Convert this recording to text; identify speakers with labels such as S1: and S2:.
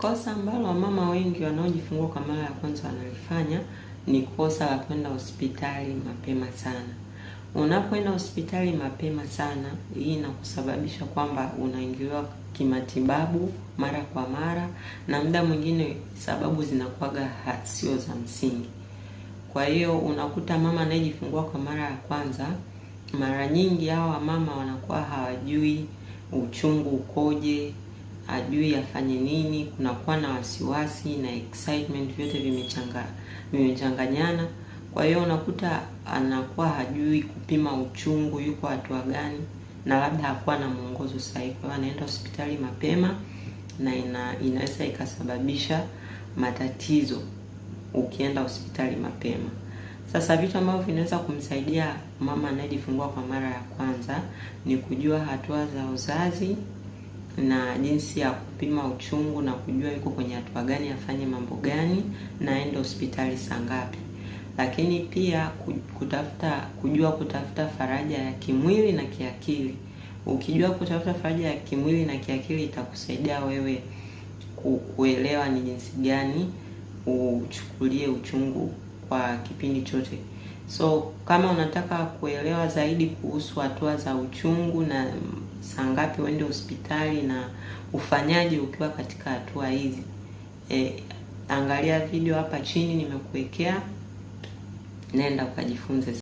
S1: Kosa ambalo wamama wengi wanaojifungua kwa mara ya kwanza wanalifanya ni kosa la kwenda hospitali mapema sana. Unapoenda hospitali mapema sana, hii inakusababisha kwamba unaingiliwa kimatibabu mara kwa mara, na muda mwingine sababu zinakuwaga sio za msingi. Kwa hiyo unakuta mama anayejifungua kwa mara ya kwanza, mara nyingi hawa mama wanakuwa hawajui uchungu ukoje ajui afanye nini, kunakuwa na wasiwasi na excitement, vyote vimechanga vimechanganyana. Kwa hiyo unakuta anakuwa hajui kupima uchungu yuko hatua gani, na labda hakuwa na mwongozo sahihi. Kwa hiyo anaenda hospitali mapema na ina, inaweza ikasababisha matatizo ukienda hospitali mapema. Sasa vitu ambavyo vinaweza kumsaidia mama anayejifungua kwa mara ya kwanza ni kujua hatua za uzazi na jinsi ya kupima uchungu na kujua yuko kwenye hatua gani, afanye mambo gani na aende hospitali saa ngapi, lakini pia kutafuta, kujua kutafuta faraja ya kimwili na kiakili. Ukijua kutafuta faraja ya kimwili na kiakili itakusaidia wewe kuelewa ni jinsi gani uchukulie uchungu kwa kipindi chote. So kama unataka kuelewa zaidi kuhusu hatua za uchungu na saa ngapi uende hospitali na ufanyaji ukiwa katika hatua hizi, e, angalia video hapa chini nimekuwekea, nenda ukajifunze.